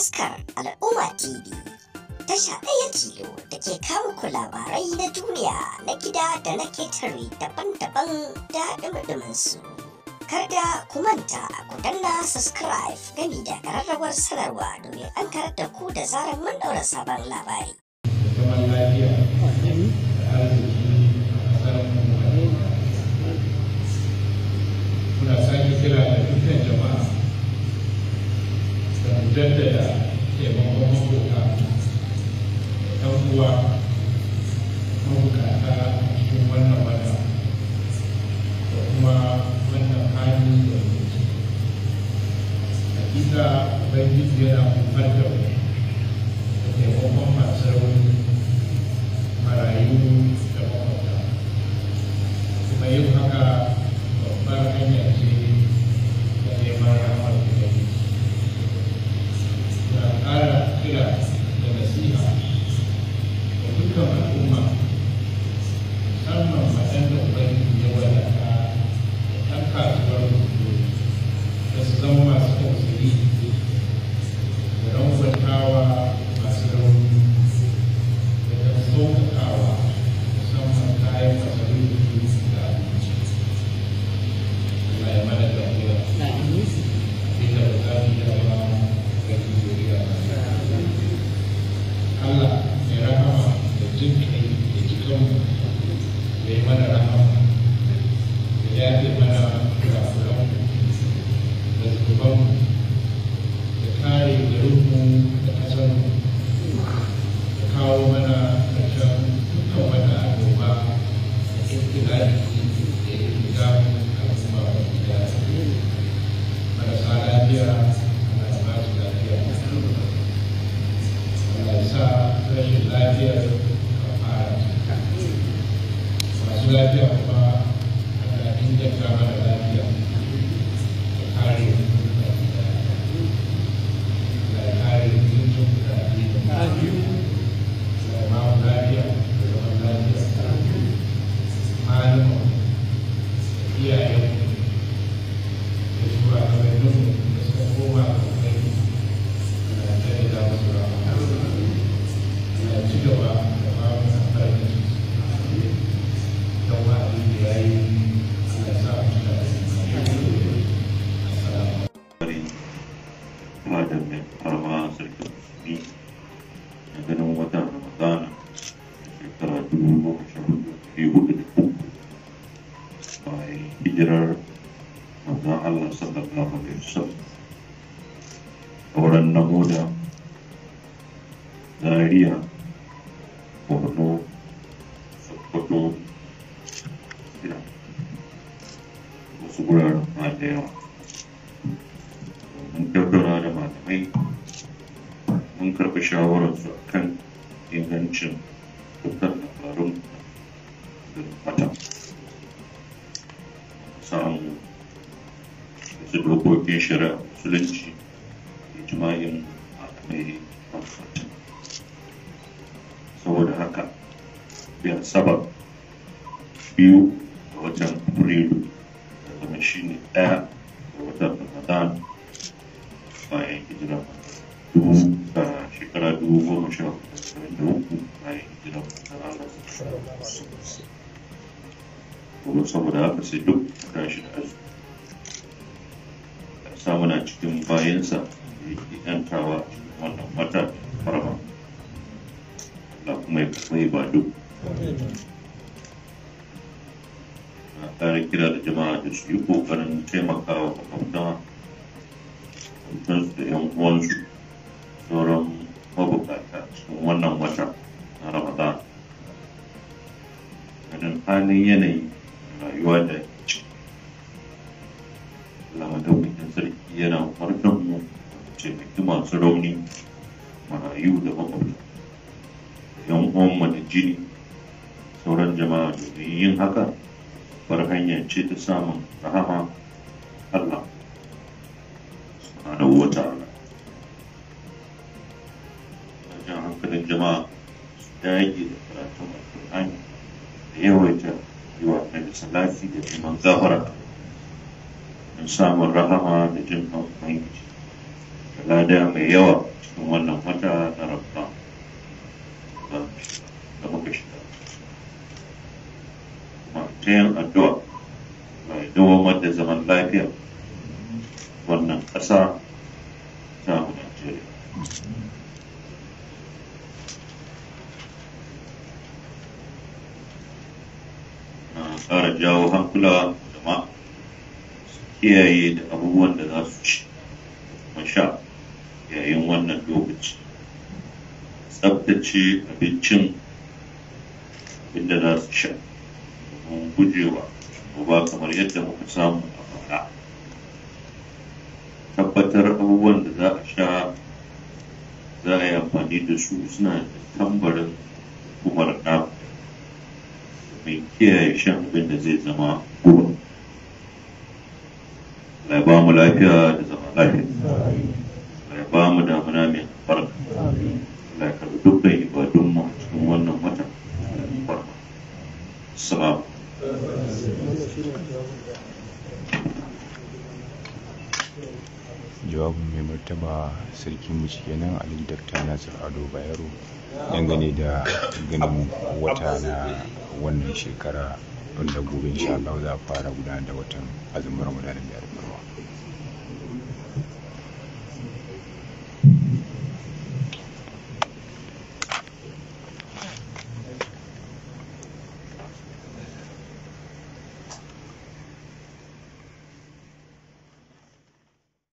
fuskar al'umma tv tasha ɗaya tilo da ke kawo ku labarai na duniya na gida da na ketare daban-daban da ɗumɗumin su karda ku manta ku danna subscribe gami da ƙararrawar sanarwa domin an karar da ku da zarar mun ɗaura sabon labari jaddada taimakon mabuka ɗan uwa mabukata a da kuma wannan hali da hakika glad you وتمت أرواس المسلمين لكن ومتى رمضان شكرته وشهد في بدنكم وهجرة مزاع الله صلى الله عليه وسلم ورن نموذج Zaria, Borno, Sokoto, wasu guraren ma da yawa. malamai mun karɓi shawararsu a kan ingancin fitar labarun da mata samu wasu dokokin shari'a musulunci ijma'in malamai mafatin saboda haka biyan sabab biyu ga watan afrilu da zama shine ɗaya ga watan ramadan sa yanke gidan dubu a shekara dubu goma sha da uku a yanke gidan kuma saboda haka sai duk tashi da azu sa muna cikin bayansa da yake yantawa wannan mata farma Allah kuma ya kasai ba duk A kare kira da jama'a da su yi kokarin taimakawa makamta kuma sauran mabukata cikin wannan wata na ramadan ganin halin yanayi rayuwa da ci lamadaukakin sarki yana farkon mu taimaki masu rauni marayu da makwabta yan uwanmu da jini sauran jama'a domin yin haka bar hanya ce ta samun rahama Allah subhanahu wa jama'a da yake da karatun alƙur'ani da yawaita yi wa annabi salati da neman gafara don samun rahama da jin kan ubangiji da lada mai yawa cikin wannan wata na rabba da muka shiga kuma ta yin addu'a mai dawamar da zaman lafiya wannan ƙasa ƙara jawo hankula jama'a kiyaye da abubuwan da za su ci masha yayin wannan lokaci tsabtace abincin inda za su sha domin gujewa ba kamar yadda muka samu a bara tabbatar abubuwan da za a sha za a yi amfani da su suna da tambarin hukumar nama mai kiyaye shan abin da zai zama guba mai ba mu lafiya da zama lafiya mai ba mu damuna mai farka mai karbi dukkan ibadun mu cikin wannan wata farka salamu jawabin mai martaba sarkin mu kenan ali dakta nasir ado bayero dangane da ganin wata na wannan shekara wanda gobe insha Allah za a fara gudanar da watan azumin Ramadan mai